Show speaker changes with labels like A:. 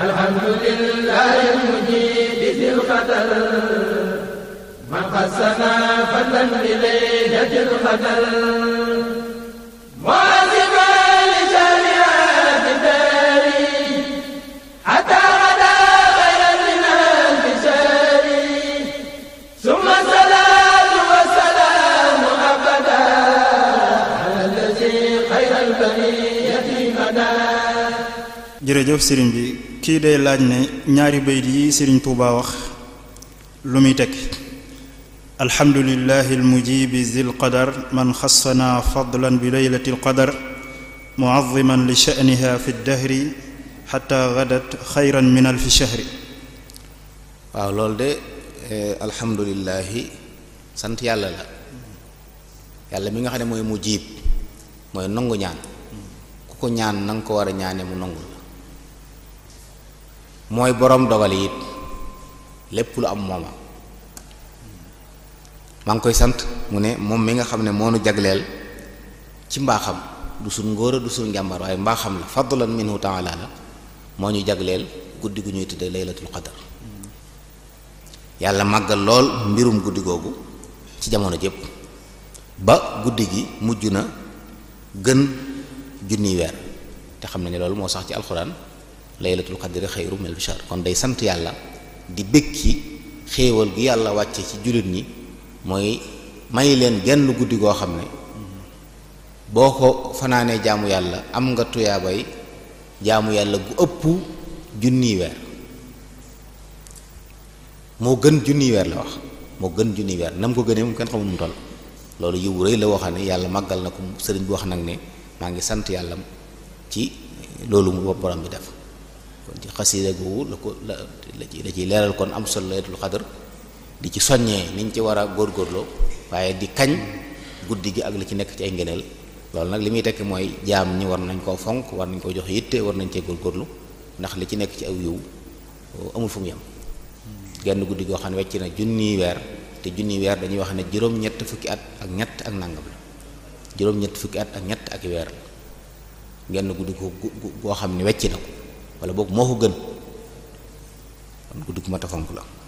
A: الحمد لله المجيد ذي القدر من قسنا فضلا إليه ذي القدر
B: واجبا لجميع داري
A: حتى غدا
B: ثم على
A: الذي خير
B: jerejeuf serigne bi ki day laaj ne ñaari bayt yi serigne touba wax lu muy teg alhamdulillahi almujib zil qadar man khassana fadlan bi laylati alqadar muazziman li sha'niha fi ad dahri hatta ghadat khayran min alf shahr
A: waaw lol de alhamdulillahi sant yàlla la yàlla mi nga xane moy mujib moy nangu ñaan ku ko ñaan nang ko wara ñaane mu nangul moy borom dogal it lepp lu am moma mang koy sant mune mom mi nga xamne mo nu jaglel ci mbaxam du sun ngoro du sun njàmbar way mbaxam la fadlan minhu taala la moo ñu jaglel guddigu ñuy tudde laylatul qadar yalla magal lol mbirum guddigu ci jamono jep ba gudigi, mujuna gën junniy wer te xam ne sax ci laylatul qadri xayru minal shahr kon day sant yàlla di bëkki xéewal gi yàlla wàcce ci jullit ñi mooy may leen genn guddi goo xam ne boo ko fanaanee jaamu yàlla am nga tuyaabay jaamu yàlla gu ëpp junniy weer moo gën junni weer la wax moo gën junni weer nam ko gënee moom kenn xamul mu toll loolu yiw rëy la waxam ne yàlla màggal na ko sëriñ bi wax nag ne maa ngi sant yàlla ci loolu mu borom bi def kon ci xasida gu la ko la ci la ci leral kon am sol laylatul xadar di ci soññee niñ ci war a lo waye di kagn guddi gi ak la ci nek ci ay ngeneel lol nak limi tek moy jam jaam ñi war nañ ko fonk war nañ ko jox yitte war nañ gor lu ndax li ci nek ci aw yu amul fu mu yem genn guddi go xane ne junni na te dañuy wax ne juróom-ñett fukki at ak ñett ak nangam la juróom-ñett fukki at ak ñett ak weer genn guddi goo xam ne ko wala boog moo ko gën kon guddi gu fonk la